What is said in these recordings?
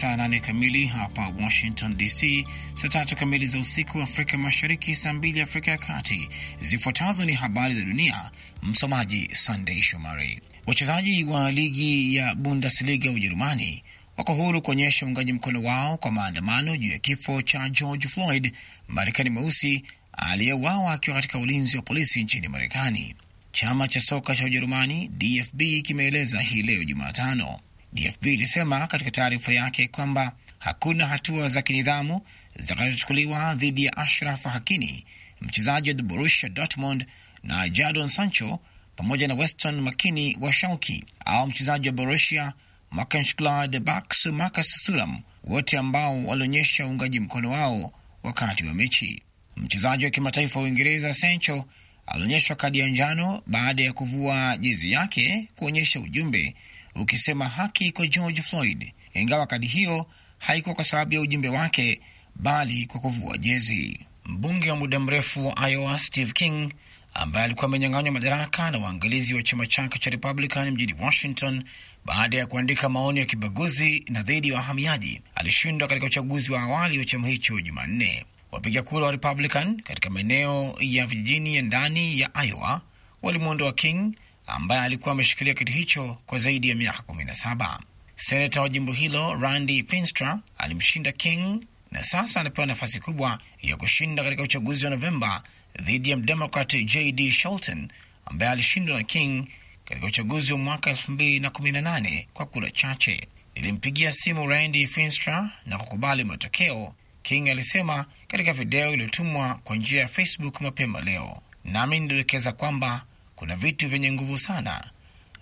saa nane kamili hapa Washington DC, saa tatu kamili za usiku Afrika Mashariki, saa mbili Afrika ya Kati. Zifuatazo ni habari za dunia, msomaji Sandei Shomari. Wachezaji wa ligi ya Bundesliga Ujerumani wako huru kuonyesha uungaji mkono wao kwa maandamano juu ya kifo cha George Floyd, Marekani mweusi aliyeuawa akiwa katika ulinzi wa polisi nchini Marekani. Chama cha soka cha Ujerumani DFB kimeeleza hii leo Jumatano DFB ilisema katika taarifa yake kwamba hakuna hatua za kinidhamu zitakazochukuliwa dhidi ya Ashraf Hakimi, mchezaji wa Borussia Dortmund na Jadon Sancho pamoja na Weston Makini wa Schalke au mchezaji wa Borussia Monchengladbach Marcus Thuram, wote ambao walionyesha uungaji mkono wao wakati wa mechi. Mchezaji wa kimataifa wa Uingereza Sancho alionyeshwa kadi ya njano baada ya kuvua jezi yake kuonyesha ujumbe ukisema haki kwa George Floyd, ingawa kadi hiyo haikuwa kwa sababu ya ujumbe wake, bali kwa kuvua jezi. Mbunge wa muda mrefu wa Iowa Steve King, ambaye alikuwa amenyang'anywa madaraka na waangalizi wa chama chake cha Republican mjini Washington baada ya kuandika maoni ya kibaguzi na dhidi ya wa wahamiaji, alishindwa katika uchaguzi wa awali wa chama hicho Jumanne. Wapiga kura wa Republican katika maeneo ya vijijini ya ndani ya Iowa walimwondoa King ambaye alikuwa ameshikilia kiti hicho kwa zaidi ya miaka kumi na saba Senata wa jimbo hilo Randy Finstra alimshinda King na sasa anapewa nafasi kubwa ya kushinda katika uchaguzi wa Novemba dhidi ya Mdemokrat JD Shelton ambaye alishindwa na King katika uchaguzi wa mwaka elfu mbili na na kumi nane kwa kura chache. Nilimpigia simu Randy Finstra na kukubali matokeo, King alisema katika video iliyotumwa kwa njia ya Facebook mapema leo. Nami nilidokeza kwamba kuna vitu vyenye nguvu sana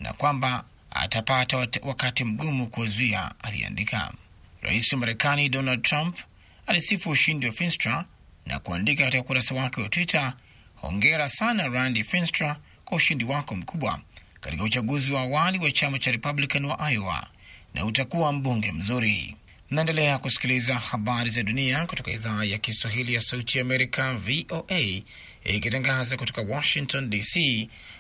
na kwamba atapata wakati mgumu kuzuia, aliandika. Rais wa Marekani Donald Trump alisifu ushindi wa Finstra na kuandika katika ukurasa wake wa Twitter, hongera sana Randy Finstra kwa ushindi wako mkubwa katika uchaguzi wa awali wa chama cha Republican wa Iowa na utakuwa mbunge mzuri. Mnaendelea kusikiliza habari za dunia kutoka idhaa ya Kiswahili ya Sauti ya Amerika, VOA ikitangaza kutoka Washington DC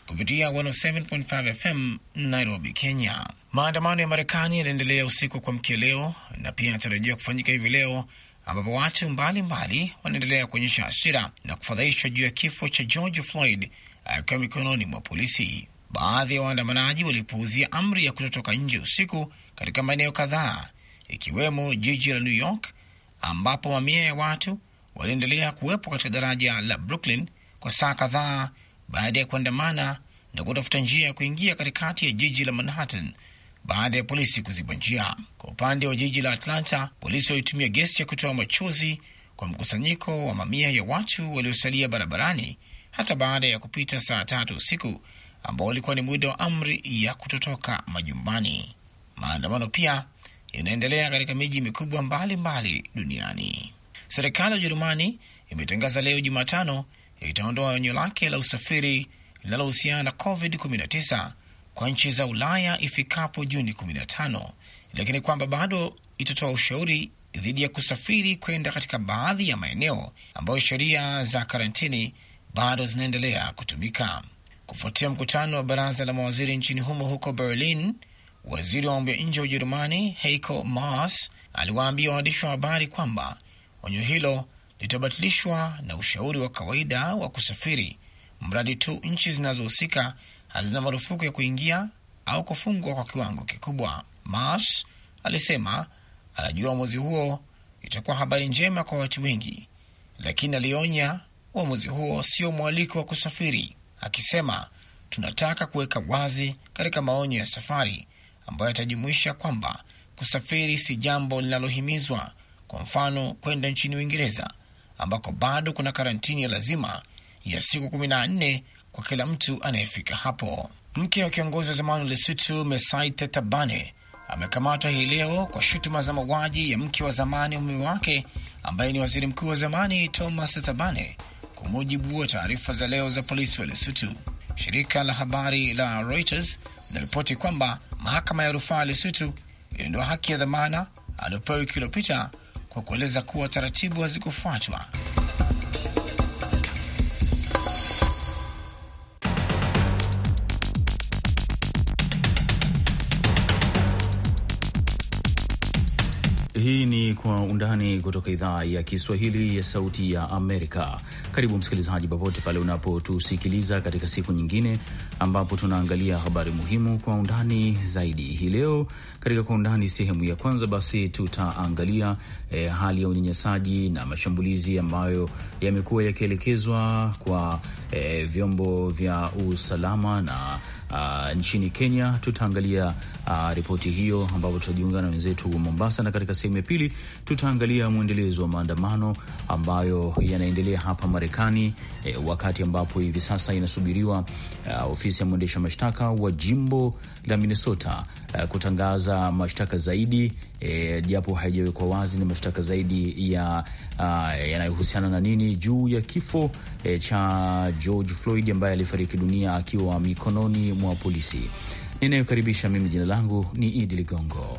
kupitia 107.5 FM Nairobi, Kenya. Maandamano ya Marekani yanaendelea usiku kwa mkia leo na pia yanatarajiwa kufanyika hivi leo, ambapo watu mbalimbali wanaendelea kuonyesha hasira na kufadhaishwa juu ya kifo cha George Floyd akiwa mikononi mwa polisi. Baadhi ya waandamanaji walipuuzia amri ya kutotoka nje usiku katika maeneo kadhaa, ikiwemo jiji la New York ambapo mamia ya watu waliendelea kuwepo katika daraja la Brooklyn kwa saa kadhaa baada ya kuandamana na kutafuta njia ya kuingia katikati ya jiji la Manhattan baada ya polisi kuziba njia. Kwa upande wa jiji la Atlanta, polisi walitumia gesi ya kutoa machozi kwa mkusanyiko wa mamia ya watu waliosalia barabarani hata baada ya kupita saa tatu usiku ambao ulikuwa ni muda wa amri ya kutotoka majumbani. Maandamano pia yanaendelea katika miji mikubwa mbalimbali duniani. Serikali ya Ujerumani imetangaza leo Jumatano itaondoa onyo lake la usafiri linalohusiana na COVID-19 kwa nchi za Ulaya ifikapo Juni 15, lakini kwamba bado itatoa ushauri dhidi ya kusafiri kwenda katika baadhi ya maeneo ambayo sheria za karantini bado zinaendelea kutumika. Kufuatia mkutano wa baraza la mawaziri nchini humo huko Berlin, waziri wa mambo ya nje wa Ujerumani Heiko Maas aliwaambia waandishi wa habari kwamba Onyo hilo litabatilishwa na ushauri wa kawaida wa kusafiri, mradi tu nchi zinazohusika hazina marufuku ya kuingia au kufungwa kwa kiwango kikubwa. Mas alisema anajua uamuzi huo itakuwa habari njema kwa watu wengi, lakini alionya uamuzi huo sio mwaliko wa kusafiri, akisema tunataka kuweka wazi katika maonyo ya safari ambayo yatajumuisha kwamba kusafiri si jambo linalohimizwa kwa mfano kwenda nchini Uingereza ambako bado kuna karantini ya lazima ya siku kumi na nne kwa kila mtu anayefika hapo. Mke wa kiongozi wa zamani wa lesutu Mesai Tetabane amekamatwa hii leo kwa shutuma za mauaji ya mke wa zamani wa mume wake ambaye ni waziri mkuu wa zamani Thomas Tetabane, kwa mujibu wa taarifa za leo za polisi wa lesutu Shirika la habari la Reuters linaripoti kwamba mahakama ya rufaa ya Lesutu iliondoa haki ya dhamana aliyopewa wiki iliyopita kwa kueleza kuwa taratibu hazikufuatwa. Kwa Undani kutoka idhaa ya Kiswahili ya Sauti ya Amerika. Karibu msikilizaji, popote pale unapotusikiliza katika siku nyingine ambapo tunaangalia habari muhimu kwa undani zaidi. Hii leo katika Kwa Undani sehemu ya kwanza, basi tutaangalia eh, hali ya unyanyasaji na mashambulizi ambayo yamekuwa yakielekezwa kwa eh, vyombo vya usalama na uh, nchini Kenya. Tutaangalia uh, ripoti hiyo ambapo tutajiunga na wenzetu wa Mombasa, na katika sehemu ya pili tutaangalia mwendelezo wa maandamano ambayo yanaendelea hapa Marekani eh, wakati ambapo hivi sasa inasubiriwa uh, ofisi ya mwendesha mashtaka wa jimbo la Minnesota uh, kutangaza mashtaka zaidi e, japo haijawekwa wazi na mashtaka zaidi ya uh, yanayohusiana na nini juu ya kifo e, cha George Floyd ambaye alifariki dunia akiwa mikononi mwa polisi. Ninayokaribisha mimi, jina langu ni Idi Ligongo.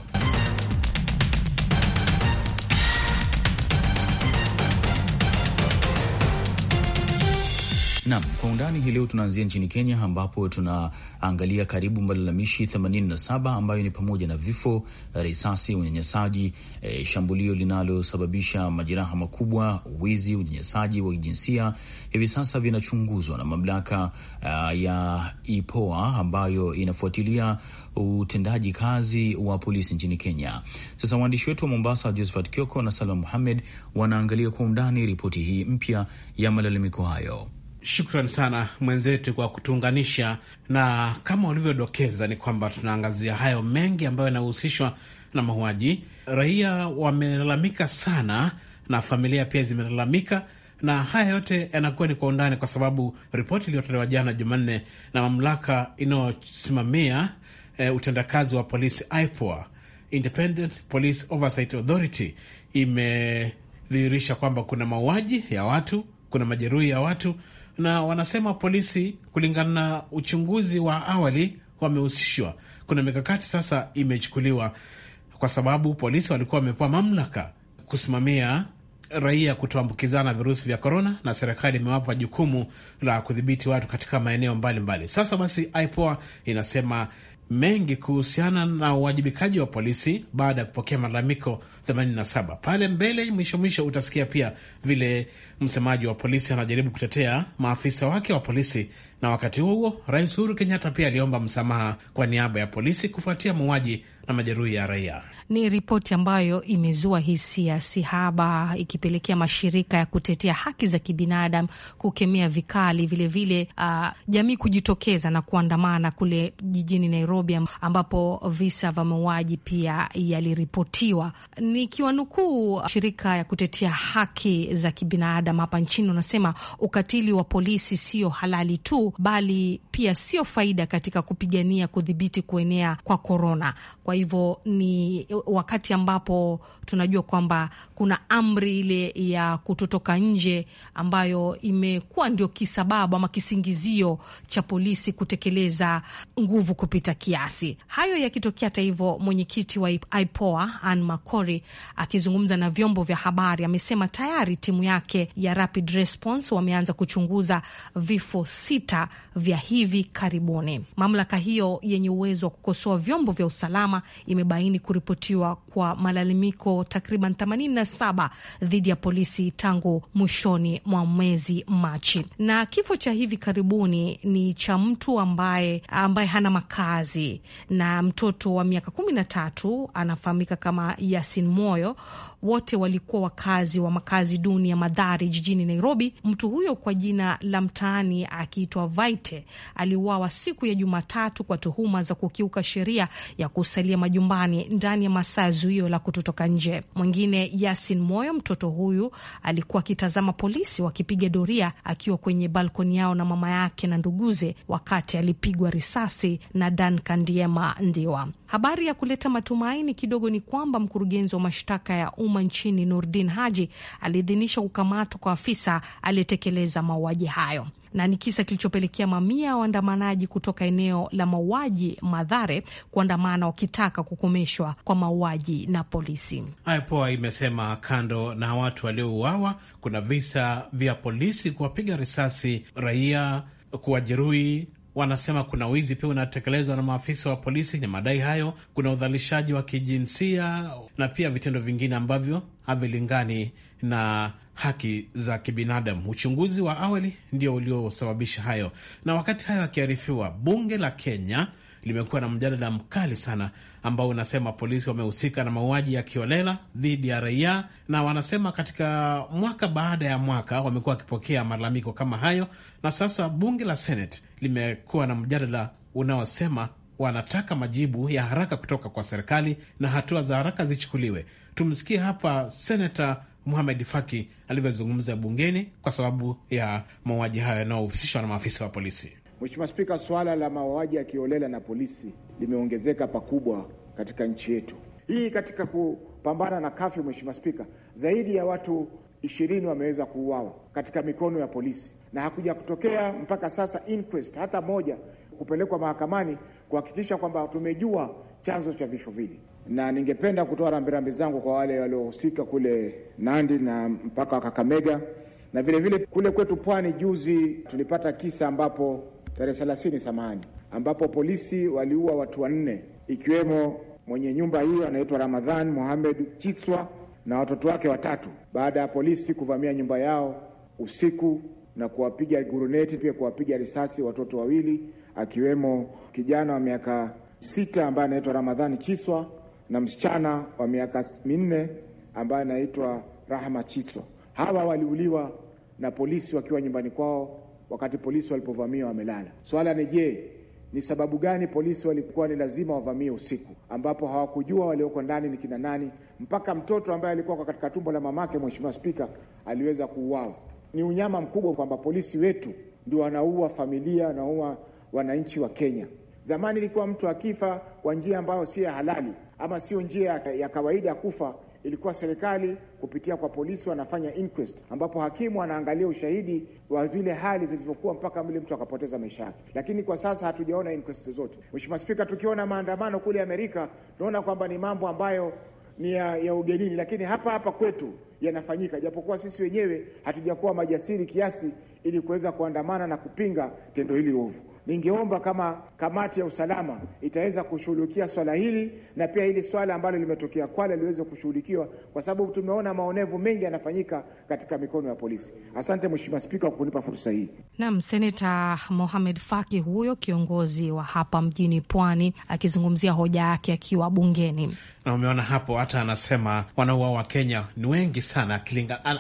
Naam, kwa undani hii leo tunaanzia nchini Kenya ambapo tunaangalia karibu malalamishi 87 ambayo ni pamoja na vifo, risasi, unyanyasaji, e, shambulio linalosababisha majeraha makubwa, wizi, unyanyasaji wa kijinsia hivi sasa vinachunguzwa na mamlaka a, ya IPOA ambayo inafuatilia utendaji kazi wa polisi nchini Kenya. Sasa waandishi wetu wa Mombasa Josephat Kioko na Salam Muhamed wanaangalia kwa undani ripoti hii mpya ya malalamiko hayo. Shukran sana mwenzetu kwa kutuunganisha, na kama ulivyodokeza ni kwamba tunaangazia hayo mengi ambayo yanahusishwa na mauaji. Raia wamelalamika sana na familia pia zimelalamika, na haya yote yanakuwa ni kwa undani, kwa sababu ripoti iliyotolewa jana Jumanne na mamlaka inayosimamia e, utendakazi wa polisi IPOA, Independent Police Oversight Authority, imedhihirisha kwamba kuna mauaji ya watu, kuna majeruhi ya watu na wanasema polisi, kulingana na uchunguzi wa awali, wamehusishwa. Kuna mikakati sasa imechukuliwa, kwa sababu polisi walikuwa wamepewa mamlaka kusimamia raia kutoambukizana virusi vya korona, na serikali imewapa jukumu la kudhibiti watu katika maeneo mbalimbali mbali. Sasa basi, IPOA inasema mengi kuhusiana na uwajibikaji wa polisi baada ya kupokea malalamiko 87. Pale mbele mwisho mwisho utasikia pia vile msemaji wa polisi anajaribu kutetea maafisa wake wa polisi, na wakati huo huo Rais Uhuru Kenyatta pia aliomba msamaha kwa niaba ya polisi kufuatia mauaji na majeruhi ya raia. Ni ripoti ambayo imezua hisia sihaba, ikipelekea mashirika ya kutetea haki za kibinadamu kukemea vikali, vilevile vile, uh, jamii kujitokeza na kuandamana kule jijini Nairobi, ambapo visa vya mauaji pia yaliripotiwa. nukuu shirika ya kutetea haki za kibinadamu hapa nchini, unasema ukatili wa polisi sio halali tu, bali pia sio faida katika kupigania kudhibiti kuenea kwa korona. Kwa hivyo ni wakati ambapo tunajua kwamba kuna amri ile ya kutotoka nje ambayo imekuwa ndio kisababu ama kisingizio cha polisi kutekeleza nguvu kupita kiasi. Hayo yakitokea, hata hivyo, mwenyekiti wa IPOA Ann Makori akizungumza na vyombo vya habari amesema tayari timu yake ya Rapid Response wameanza kuchunguza vifo sita vya hivi karibuni. Mamlaka hiyo yenye uwezo wa kukosoa vyombo vya usalama imebaini kuripoti kuripotiwa kwa malalamiko takriban 87 dhidi ya polisi tangu mwishoni mwa mwezi Machi. Na kifo cha hivi karibuni ni cha mtu ambaye, ambaye hana makazi na mtoto wa miaka kumi na tatu anafahamika kama Yasin Moyo wote walikuwa wakazi wa makazi duni ya Madhari jijini Nairobi. Mtu huyo kwa jina la mtaani akiitwa Vaite aliuawa siku ya Jumatatu kwa tuhuma za kukiuka sheria ya kusalia majumbani ndani ya masaa ya zuio la kutotoka nje. Mwingine Yasin Moyo, mtoto huyu alikuwa akitazama polisi wakipiga doria akiwa kwenye balkoni yao na mama yake na nduguze, wakati alipigwa risasi na Dan Kandiema Ndiwa. Habari ya kuleta matumaini kidogo ni kwamba mkurugenzi wa mashtaka ya um umma nchini Nurdin Haji aliidhinisha kukamatwa kwa afisa aliyetekeleza mauaji hayo na ni kisa kilichopelekea mamia ya waandamanaji kutoka eneo la mauaji Madhare kuandamana wakitaka kukomeshwa kwa mauaji na polisi. IPOA imesema kando na watu waliouawa, kuna visa vya polisi kuwapiga risasi raia, kuwajeruhi wanasema kuna wizi pia unatekelezwa na maafisa wa polisi Ni madai hayo. Kuna udhalishaji wa kijinsia na pia vitendo vingine ambavyo havilingani na haki za kibinadamu. Uchunguzi wa awali ndio uliosababisha hayo, na wakati hayo akiarifiwa, bunge la Kenya limekuwa na mjadala mkali sana ambao unasema polisi wamehusika na mauaji ya kiolela dhidi ya raia, na wanasema katika mwaka baada ya mwaka wamekuwa wakipokea malalamiko kama hayo, na sasa bunge la Senate limekuwa na mjadala unaosema wanataka majibu ya haraka kutoka kwa serikali na hatua za haraka zichukuliwe. Tumsikie hapa Senata Muhamed Faki alivyozungumza bungeni kwa sababu ya mauaji hayo yanayohusishwa na maafisa wa polisi. Mheshimiwa Spika, swala la mauaji ya kiolela na polisi limeongezeka pakubwa katika nchi yetu hii. Katika kupambana na kafyu, Mheshimiwa Spika, zaidi ya watu ishirini wameweza kuuawa katika mikono ya polisi na hakuja kutokea mpaka sasa inquest hata moja kupelekwa mahakamani kuhakikisha kwamba tumejua chanzo cha vifo vile, na ningependa kutoa rambirambi zangu kwa wale waliohusika kule Nandi na mpaka wa Kakamega na vilevile vile kule kwetu Pwani. Juzi tulipata kisa ambapo tarehe 30 samani, ambapo polisi waliua watu wanne ikiwemo mwenye nyumba hiyo anaitwa Ramadhan Mohamed Chitswa na watoto wake watatu, baada ya polisi kuvamia nyumba yao usiku na kuwapiga guruneti, pia kuwapiga risasi watoto wawili, akiwemo kijana wa miaka sita ambaye anaitwa Ramadhani Chiswa na msichana wa miaka minne ambaye anaitwa Rahma Chiswa. Hawa waliuliwa na polisi wakiwa nyumbani kwao wakati polisi walipovamia wamelala. Swala ni je, ni sababu gani polisi walikuwa ni lazima wavamie usiku ambapo hawakujua walioko ndani ni kina nani, mpaka mtoto ambaye alikuwa katika tumbo la mamake, Mheshimiwa Spika, aliweza kuuawa? Ni unyama mkubwa kwamba polisi wetu ndio wanaua familia, wanaua wananchi wa Kenya. Zamani ilikuwa mtu akifa kwa njia ambayo si ya halali ama sio njia ya kawaida ya kufa ilikuwa serikali kupitia kwa polisi wanafanya inquest, ambapo hakimu anaangalia ushahidi wa zile hali zilivyokuwa mpaka mle mtu akapoteza maisha yake, lakini kwa sasa hatujaona inquest zozote. Mheshimiwa Spika, tukiona maandamano kule Amerika tunaona kwamba ni mambo ambayo ni ya, ya ugenini, lakini hapa hapa kwetu yanafanyika, japokuwa sisi wenyewe hatujakuwa majasiri kiasi ili kuweza kuandamana na kupinga tendo hili ovu. Ningeomba kama kamati ya usalama itaweza kushughulikia swala hili na pia hili swala ambalo limetokea Kwale liweze kushughulikiwa, kwa sababu tumeona maonevu mengi yanafanyika katika mikono ya polisi. Asante Mheshimiwa Spika kwa kunipa fursa hii. Naam, Seneta Mohamed Faki huyo kiongozi wa hapa mjini Pwani akizungumzia hoja yake akiwa bungeni, na umeona hapo hata anasema wa Kenya ni wengi sana,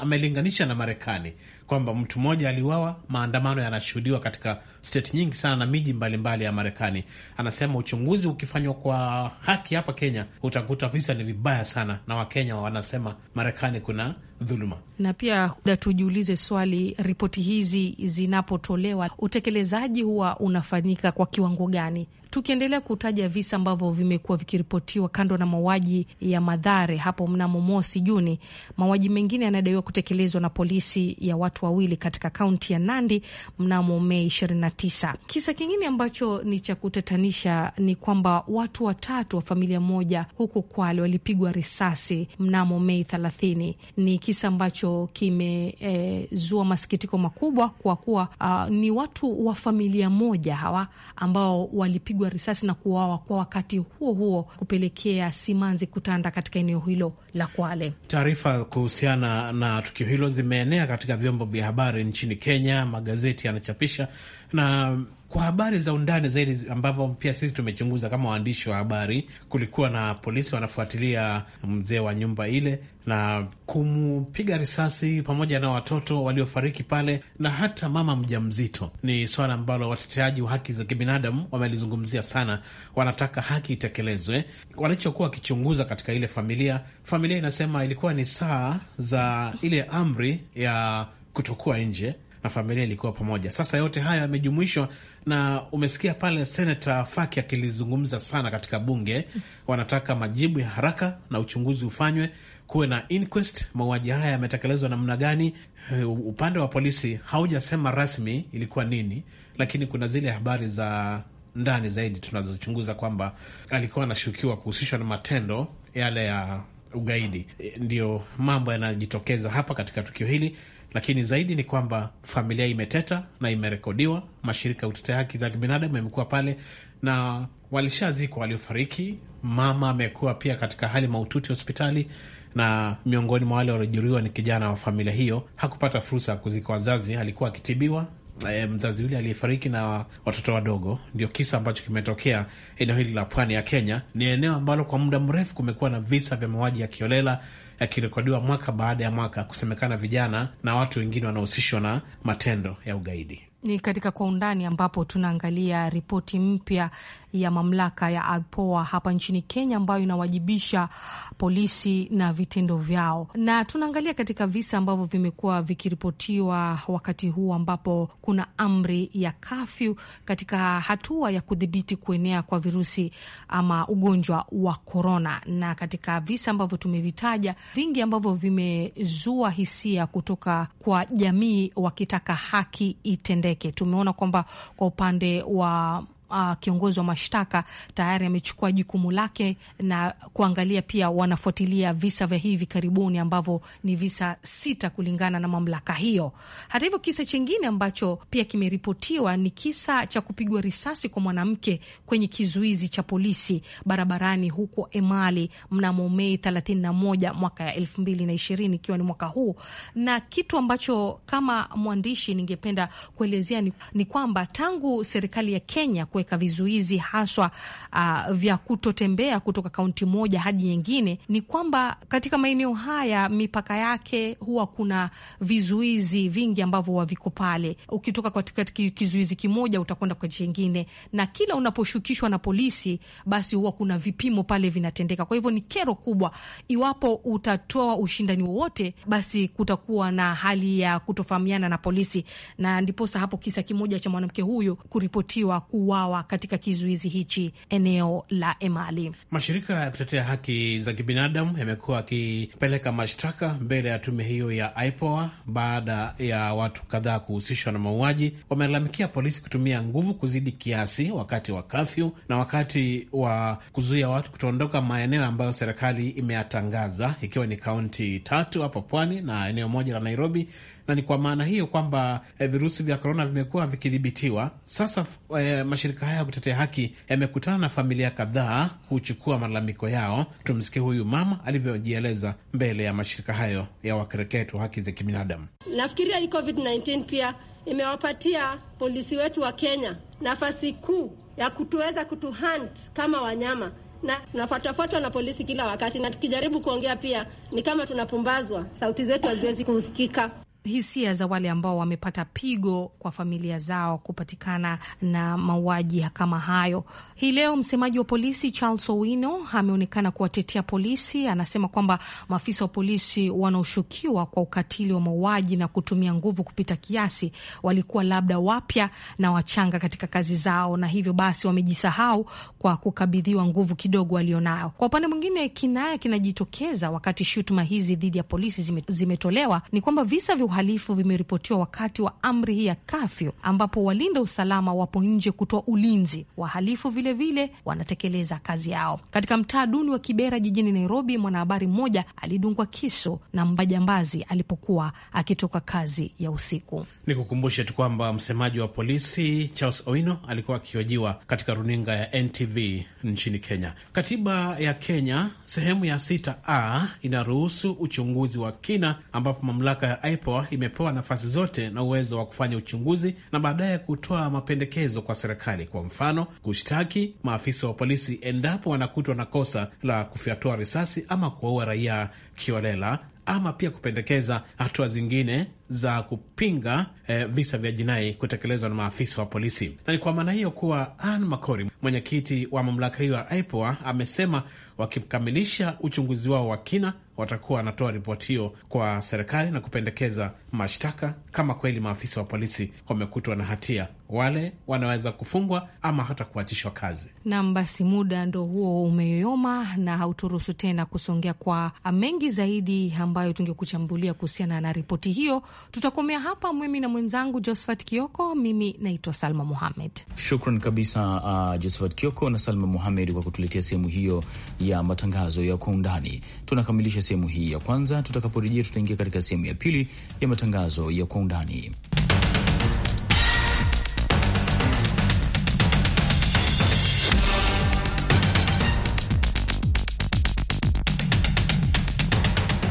amelinganisha na Marekani kwamba mtu mmoja aliuawa, maandamano yanashuhudiwa katika state nyingi sana na miji mbalimbali ya Marekani. Anasema uchunguzi ukifanywa kwa haki hapa Kenya utakuta visa ni vibaya sana, na Wakenya wanasema Marekani kuna dhuluma. Na pia tujiulize swali, ripoti hizi zinapotolewa utekelezaji huwa unafanyika kwa kiwango gani? Tukiendelea kutaja visa ambavyo vimekuwa vikiripotiwa kando na mauaji ya Madhare hapo mnamo mosi Juni, mauaji mengine yanadaiwa kutekelezwa na polisi ya watu wawili katika kaunti ya Nandi mnamo Mei 29. Kisa kingine ambacho ni cha kutatanisha ni kwamba watu watatu wa familia moja huko Kwale walipigwa risasi mnamo Mei 30 ni kisa ambacho kimezua e, masikitiko makubwa kwa kuwa uh, ni watu wa familia moja hawa ambao walipigwa risasi na kuuawa kwa wakati huo huo, kupelekea simanzi kutanda katika eneo hilo la Kwale. Taarifa kuhusiana na tukio hilo zimeenea katika vyombo vya habari nchini Kenya, magazeti yanachapisha na kwa habari za undani zaidi, ambavyo pia sisi tumechunguza kama waandishi wa habari, kulikuwa na polisi wanafuatilia mzee wa nyumba ile na kumpiga risasi pamoja na watoto waliofariki pale na hata mama mjamzito. Ni swala ambalo wateteaji wa haki za kibinadamu wamelizungumzia sana, wanataka haki itekelezwe. Walichokuwa wakichunguza katika ile familia, familia inasema ilikuwa ni saa za ile amri ya kutokuwa nje na familia ilikuwa pamoja. Sasa yote haya yamejumuishwa, na umesikia pale Senata Faki akilizungumza sana katika bunge. Wanataka majibu ya haraka na uchunguzi ufanywe, kuwe na inquest, mauaji haya yametekelezwa namna gani. Eh, upande wa polisi haujasema rasmi ilikuwa nini, lakini kuna zile habari za ndani zaidi tunazochunguza kwamba alikuwa anashukiwa kuhusishwa na matendo yale ya ugaidi. Eh, Ndiyo mambo yanajitokeza hapa katika tukio hili, lakini zaidi ni kwamba familia imeteta na imerekodiwa. Mashirika ya utetea haki za kibinadamu yamekuwa pale na walishazikwa waliofariki. Mama amekuwa pia katika hali mahututi hospitali, na miongoni mwa wale waliojeruhiwa ni kijana wa familia hiyo. Hakupata fursa ya kuzika wazazi, alikuwa akitibiwa e, mzazi yule aliyefariki na watoto wadogo. Ndio kisa ambacho kimetokea eneo hili la pwani ya Kenya. Ni eneo ambalo kwa muda mrefu kumekuwa na visa vya mauaji ya kiolela yakirekodiwa mwaka baada ya mwaka, kusemekana vijana na watu wengine wanahusishwa na matendo ya ugaidi. Ni katika Kwa Undani ambapo tunaangalia ripoti mpya ya mamlaka ya AGPOA hapa nchini Kenya ambayo inawajibisha polisi na vitendo vyao, na tunaangalia katika visa ambavyo vimekuwa vikiripotiwa wakati huu ambapo kuna amri ya kafyu katika hatua ya kudhibiti kuenea kwa virusi ama ugonjwa wa korona. Na katika visa ambavyo tumevitaja vingi ambavyo vimezua hisia kutoka kwa jamii wakitaka haki itendeke, tumeona kwamba kwa upande wa uh, kiongozi wa mashtaka tayari amechukua jukumu lake na kuangalia pia wanafuatilia visa vya hivi karibuni ambavyo ni visa sita kulingana na mamlaka hiyo. Hata hivyo, kisa chingine ambacho pia kimeripotiwa ni kisa cha kupigwa risasi kwa mwanamke kwenye kizuizi cha polisi barabarani huko Emali mnamo Mei 31 mwaka ya 2020 ikiwa ni mwaka huu, na kitu ambacho kama mwandishi ningependa kuelezea ni, ni kwamba tangu serikali ya Kenya kwe kuweka vizuizi haswa uh, vya kutotembea kutoka kaunti moja hadi nyingine, ni kwamba katika maeneo haya mipaka yake huwa kuna vizuizi vingi ambavyo waviko pale. Ukitoka katika kizuizi kimoja utakwenda kwa chengine, na kila unaposhukishwa na polisi, basi huwa kuna vipimo pale vinatendeka. Kwa hivyo ni kero kubwa. Iwapo utatoa ushindani wowote, basi kutakuwa na hali ya kutofahamiana na polisi, na ndiposa hapo kisa kimoja cha mwanamke huyu kuripotiwa kuuawa wauawa katika kizuizi hichi eneo la Emali. Mashirika ya kutetea haki za kibinadamu yamekuwa yakipeleka mashtaka mbele ya tume hiyo ya IPOA baada ya watu kadhaa kuhusishwa na mauaji. Wamelalamikia polisi kutumia nguvu kuzidi kiasi wakati wa kafyu na wakati wa kuzuia watu kutoondoka maeneo ambayo serikali imeyatangaza, ikiwa ni kaunti tatu hapo pwani na eneo moja la Nairobi na ni kwa maana hiyo kwamba eh, virusi vya korona vimekuwa vikidhibitiwa. Sasa eh, mashirika haya ya kutetea haki yamekutana na familia kadhaa kuchukua malalamiko yao. Tumsikie huyu mama alivyojieleza mbele ya mashirika hayo ya wakereketo haki za kibinadamu. Nafikiria hii COVID-19 pia imewapatia polisi wetu wa Kenya nafasi kuu ya kutuweza kutuhunt kama wanyama na tunafuatafuatwa na polisi kila wakati, na tukijaribu kuongea pia ni kama tunapumbazwa, sauti zetu haziwezi kusikika hisia za wale ambao wamepata pigo kwa familia zao kupatikana na mauaji kama hayo. Hii leo msemaji wa polisi Charles Owino ameonekana kuwatetea polisi. Anasema kwamba maafisa wa polisi wanaoshukiwa kwa ukatili wa mauaji na kutumia nguvu kupita kiasi walikuwa labda wapya na wachanga katika kazi zao, na hivyo basi wamejisahau kwa kukabidhiwa nguvu kidogo walionayo. Kwa upande mwingine, kinaya kinajitokeza wakati shutuma hizi dhidi ya polisi zimetolewa, ni kwamba visa vya uhalifu vimeripotiwa wakati wa amri hii ya kafyu, ambapo walinda usalama wapo nje kutoa ulinzi. Wahalifu vilevile vile wanatekeleza kazi yao. Katika mtaa duni wa Kibera jijini Nairobi, mwanahabari mmoja alidungwa kisu na mbajambazi alipokuwa akitoka kazi ya usiku. Ni kukumbushe tu kwamba msemaji wa polisi Charles Owino alikuwa akihojiwa katika runinga ya NTV nchini Kenya. Katiba ya Kenya sehemu ya sita a inaruhusu uchunguzi wa kina ambapo mamlaka ya IPOA imepewa nafasi zote na uwezo wa kufanya uchunguzi na baadaye kutoa mapendekezo kwa serikali, kwa mfano kushtaki maafisa wa polisi endapo wanakutwa na kosa la kufyatua risasi ama kuwaua raia kiolela ama pia kupendekeza hatua zingine za kupinga eh, visa vya jinai kutekelezwa na maafisa wa polisi. Na ni kwa maana hiyo kuwa Ann Makori, mwenyekiti wa mamlaka hiyo ya IPOA, amesema wakikamilisha uchunguzi wao wa kina, watakuwa wanatoa ripoti hiyo kwa serikali na kupendekeza mashtaka. Kama kweli maafisa wa polisi wamekutwa na hatia, wale wanaweza kufungwa ama hata kuachishwa kazi. Nam, basi muda ndo huo umeyoyoma na hauturuhusu tena kusongea kwa mengi zaidi ambayo tungekuchambulia kuhusiana na ripoti hiyo. Tutakomea hapa, mimi na mwenzangu Josephat Kioko. Mimi naitwa Salma Muhamed. Shukran kabisa, uh, Josephat Kioko na Salma Muhamed kwa kutuletea sehemu hiyo ya matangazo ya kwa undani. Tunakamilisha sehemu hii ya kwanza. Tutakaporejea tutaingia katika sehemu ya pili ya matangazo ya kwa undani.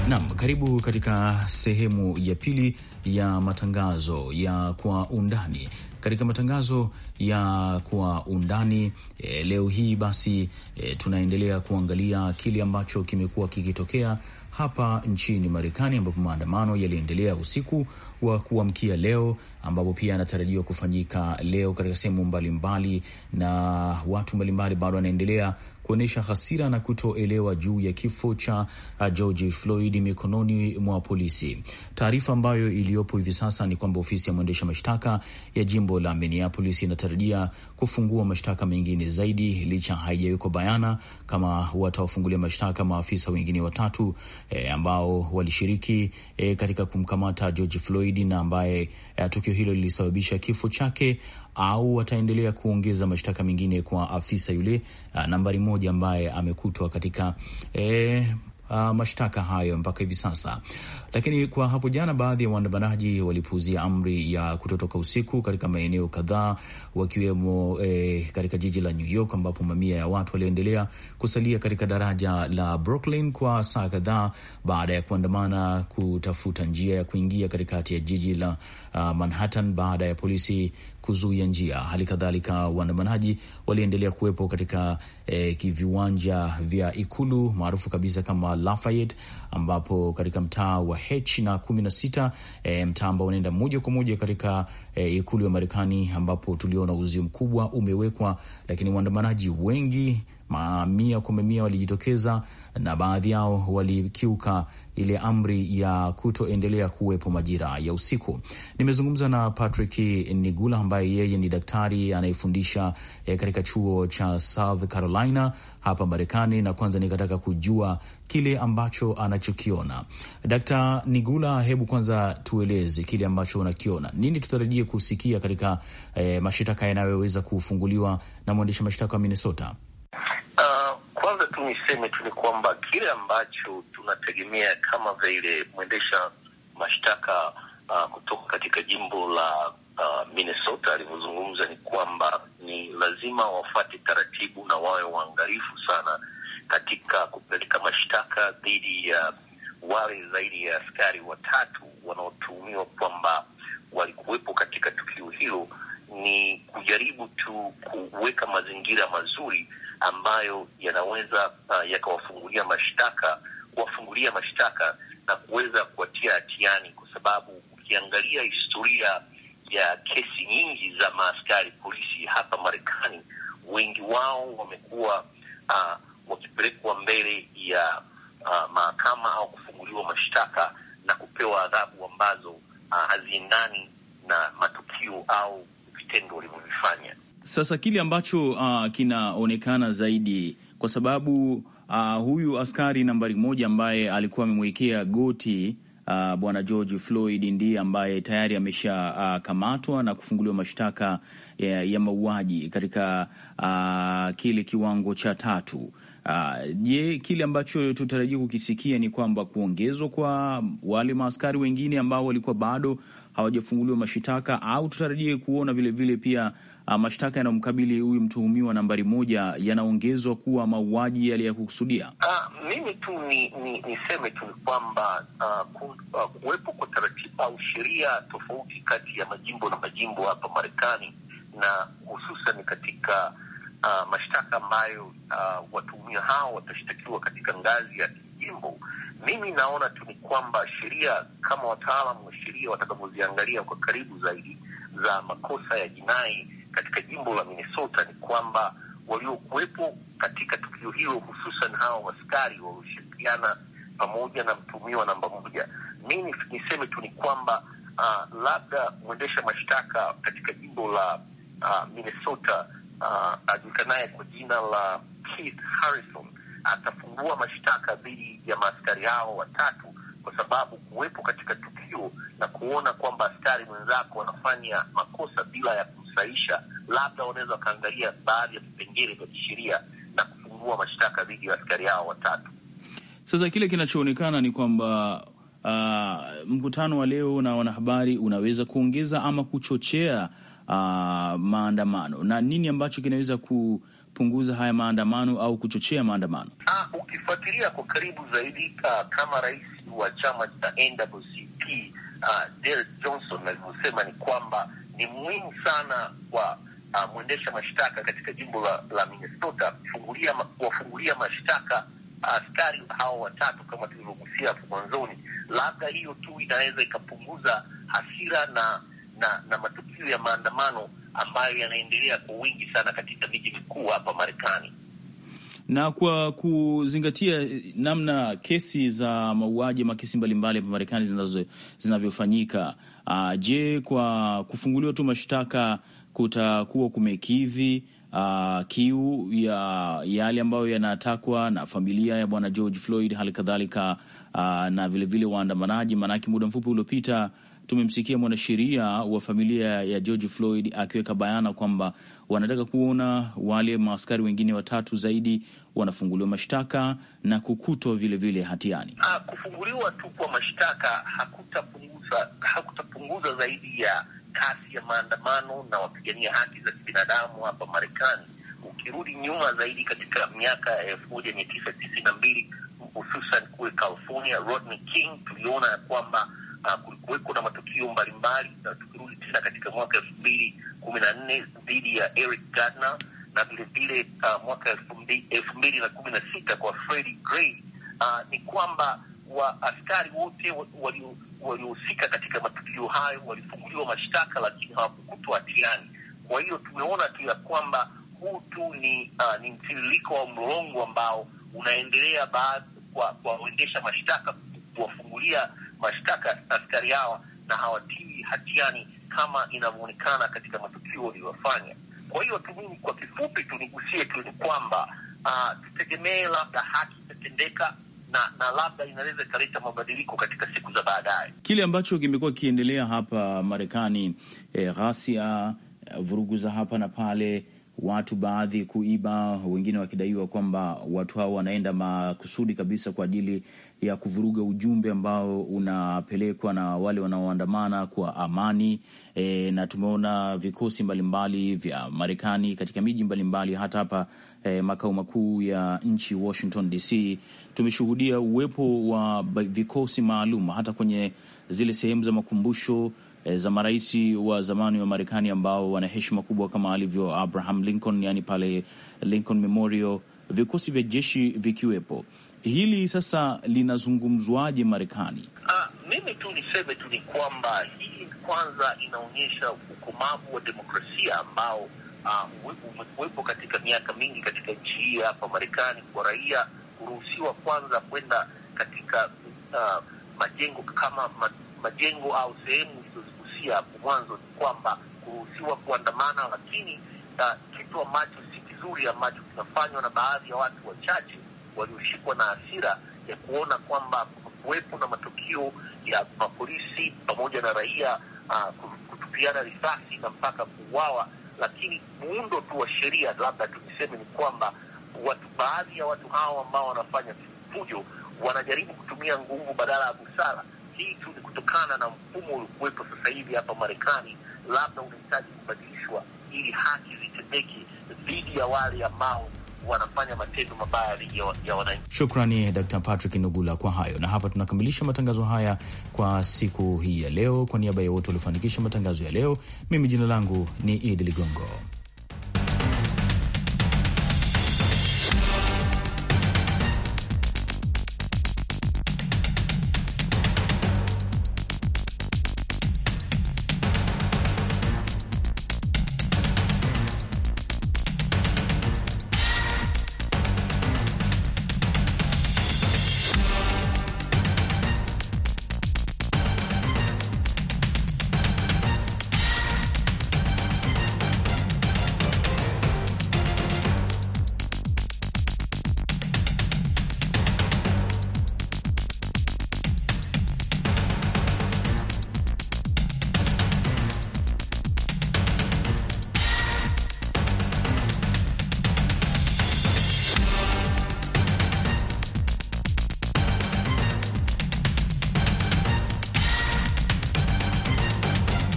Nam, karibu katika sehemu ya pili ya matangazo ya kwa undani katika matangazo ya kwa undani e, leo hii basi e, tunaendelea kuangalia kile ambacho kimekuwa kikitokea hapa nchini Marekani ambapo maandamano yaliendelea usiku wa kuamkia leo, ambapo pia yanatarajiwa kufanyika leo katika sehemu mbalimbali, na watu mbalimbali bado wanaendelea kuonyesha hasira na kutoelewa juu ya kifo cha uh, George Floyd mikononi mwa polisi. Taarifa ambayo iliyopo hivi sasa ni kwamba ofisi ya mwendesha mashtaka ya jimbo la Minneapolis inatarajia kufungua mashtaka mengine zaidi, licha haijawekwa bayana kama watawafungulia mashtaka maafisa wengine watatu e, ambao walishiriki e, katika kumkamata George Floyd na ambaye e, tukio hilo lilisababisha kifo chake au wataendelea kuongeza mashtaka mengine kwa afisa yule uh, nambari moja ambaye amekutwa katika eh, Uh, mashtaka hayo mpaka hivi sasa. Lakini kwa hapo jana, baadhi ya waandamanaji walipuuzia amri ya kutotoka usiku katika maeneo kadhaa wakiwemo eh, katika jiji la New York ambapo mamia ya watu waliendelea kusalia katika daraja la Brooklyn kwa saa kadhaa baada ya kuandamana kutafuta njia ya kuingia katikati ya jiji la uh, Manhattan baada ya polisi kuzuia njia. Hali kadhalika waandamanaji waliendelea kuwepo katika eh, viwanja vya ikulu maarufu kabisa kama Lafayette, ambapo katika mtaa wa H na kumi na sita eh, mtaa ambao unaenda moja kwa moja katika eh, ikulu ya Marekani, ambapo tuliona uzio mkubwa umewekwa, lakini waandamanaji wengi Mamia kwa mamia walijitokeza na baadhi yao walikiuka ile amri ya kutoendelea kuwepo majira ya usiku. Nimezungumza na Patrick Nigula ambaye yeye ni daktari anayefundisha eh, katika chuo cha South Carolina hapa Marekani, na kwanza nikataka kujua kile ambacho anachokiona. Daktari Nigula, hebu kwanza tueleze kile ambacho unakiona, nini tutarajie kusikia katika eh, mashitaka yanayoweza kufunguliwa na mwendesha mashtaka wa Minnesota? Uh, kwanza tu niseme tu ni kwamba kile ambacho tunategemea kama vile mwendesha mashtaka uh, kutoka katika jimbo la uh, Minnesota alivyozungumza ni kwamba ni lazima wafate taratibu na wawe waangalifu sana katika kupeleka mashtaka dhidi ya uh, wale zaidi ya askari watatu wanaotuhumiwa kwamba walikuwepo katika tukio hilo. Ni kujaribu tu kuweka mazingira mazuri ambayo yanaweza uh, yakawafungulia mashtaka kuwafungulia mashtaka na kuweza kuwatia hatiani, kwa sababu ukiangalia historia ya kesi nyingi za maaskari polisi hapa Marekani, wengi wao wamekuwa uh, wakipelekwa mbele ya uh, mahakama au kufunguliwa mashtaka na kupewa adhabu ambazo uh, haziendani uh, na matukio au vitendo walivyovifanya. Sasa kile ambacho uh, kinaonekana zaidi kwa sababu uh, huyu askari nambari moja ambaye alikuwa amemwekea goti uh, bwana George Floyd ndiye ambaye tayari ameshakamatwa uh, na kufunguliwa mashtaka ya, ya mauaji katika uh, kile kiwango cha tatu. Uh, je, uh, kile ambacho tutarajia kukisikia ni kwamba kuongezwa kwa wale maaskari wengine ambao walikuwa bado hawajafunguliwa mashitaka au tutarajie kuona vilevile vile pia Ah, mashtaka yanayomkabili huyu mtuhumiwa nambari moja yanaongezwa kuwa mauaji yaliyakusudia? Uh, ah, mimi tu ni, ni, niseme tu kwamba uh, kuwepo kwa taratibu au sheria tofauti kati ya majimbo na majimbo hapa Marekani na hususan katika uh, mashtaka ambayo uh, watuhumiwa hao watashtakiwa katika ngazi ya kijimbo. Mimi naona tu ni kwamba sheria, kama wataalam wa sheria watakavyoziangalia kwa karibu zaidi za makosa ya jinai katika jimbo la Minnesota ni kwamba waliokuwepo katika tukio hilo, hususan hawa waskari walioshirikiana pamoja na mtumiwa namba moja, mi niseme tu ni kwamba uh, labda mwendesha mashtaka katika jimbo la uh, Minnesota uh, ajulikanaye kwa jina la Keith Harrison atafungua mashtaka dhidi ya maaskari hao watatu kwa sababu kuwepo katika tukio na kuona kwamba askari mwenzako anafanya makosa bila ya kunufaisha, labda wanaweza wakaangalia baadhi ya vipengele vya kisheria na kufungua mashtaka dhidi ya askari hao watatu. Sasa kile kinachoonekana ni kwamba uh, mkutano wa leo na wanahabari unaweza kuongeza ama kuchochea uh, maandamano na nini ambacho kinaweza ku punguza haya maandamano au kuchochea maandamano. Ah, ukifuatilia kwa karibu zaidi ah, kama rais wa chama cha NWCP ah, Derek Johnson alivyosema ni kwamba ni muhimu sana kwa uh, mwendesha mashtaka katika jimbo la, la Minnesota kuwafungulia mashtaka uh, askari uh, hawa watatu kama tulivyogusia hapo mwanzoni. Labda hiyo tu inaweza ikapunguza hasira na na, na matukio ya maandamano ambayo yanaendelea kwa wingi sana katika miji mikuu hapa Marekani. Na kwa kuzingatia namna kesi za mauaji makesi mbalimbali hapa Marekani zinazo zinavyofanyika, uh, je, kwa kufunguliwa tu mashtaka kutakuwa kumekidhi uh, kiu ya yale ambayo yanatakwa na familia ya bwana George Floyd, hali kadhalika uh, na vilevile waandamanaji? Maanake muda mfupi uliopita tumemsikia mwanasheria wa familia ya George Floyd akiweka bayana kwamba wanataka kuona wale maaskari wengine watatu zaidi wanafunguliwa mashtaka na kukutwa vilevile hatiani. Ha, ah, kufunguliwa tu kwa mashtaka hakutapunguza hakutapunguza zaidi ya kasi ya maandamano na wapigania haki za kibinadamu hapa Marekani. Ukirudi nyuma zaidi katika miaka ya elfu moja mia tisa tisini na mbili hususan kule California, Rodney King, tuliona ya kwamba uh, kulikuweko na matukio mbalimbali na tukirudi tena katika mwaka elfu mbili kumi na nne dhidi ya Eric Gardner na vilevile uh, mwaka elfu mbili na kumi na sita kwa Freddie Gray. Uh, ni kwamba wa askari wote waliohusika wali katika matukio hayo walifunguliwa mashtaka, lakini hawakukutwa hatiani. Kwa hiyo tumeona tu ya kwamba huu tu ni, uh, ni mtiririko wa mlolongo ambao unaendelea baada kwa kuwaendesha mashtaka kuwafungulia mashtaka askari hawa na hawatii hatiani kama inavyoonekana katika matukio waliyofanya. Kwa hiyo tu mimi kwa kifupi tu nigusie tu ni kwamba uh, tutegemee labda haki itatendeka na, na labda inaweza ikaleta mabadiliko katika siku za baadaye. Kile ambacho kimekuwa kikiendelea hapa Marekani, eh, ghasia, eh, vurugu za hapa na pale, watu baadhi kuiba, wengine wakidaiwa kwamba watu hao wanaenda makusudi kabisa kwa ajili ya kuvuruga ujumbe ambao unapelekwa na wale wanaoandamana kwa amani e, na tumeona vikosi mbalimbali vya Marekani katika miji mbalimbali hata hapa e, makao makuu ya nchi Washington DC, tumeshuhudia uwepo wa vikosi maalum hata kwenye zile sehemu za makumbusho e, za marais wa zamani wa Marekani ambao wana heshima kubwa kama alivyo Abraham Lincoln, yani pale Lincoln Memorial, vikosi vya jeshi vikiwepo hili sasa linazungumzwaje Marekani? Ah, mimi tu niseme tu ni kwamba hii kwanza inaonyesha ukomavu wa demokrasia ambao umekuwepo ah, katika miaka mingi katika nchi hii hapa Marekani, kwa raia kuruhusiwa kwanza kwenda katika uh, majengo kama ma, majengo au sehemu ulizozigusia hapo mwanzo, ni kwamba kuruhusiwa kuandamana, lakini uh, ah, kitu ambacho si kizuri ambacho kinafanywa na baadhi ya watu wachache walioshikwa na hasira ya kuona kwamba kuwepo na matukio ya mapolisi pamoja na raia uh, kutupiana risasi na mpaka kuuawa, lakini muundo tu wa sheria, labda tuniseme ni kwamba watu, baadhi ya watu hao ambao wanafanya fujo wanajaribu kutumia nguvu badala ya busara. Hii tu ni kutokana na mfumo uliokuwepo sasa hivi hapa Marekani, labda unahitaji kubadilishwa ili haki zitendeke dhidi ya wale ambao wanafanya matendo mabaya dhidi ya wananchi. Shukrani Dr. Patrick Nugula kwa hayo, na hapa tunakamilisha matangazo haya kwa siku hii ya leo. Kwa niaba ya wote waliofanikisha matangazo ya leo, mimi jina langu ni Idi Ligongo.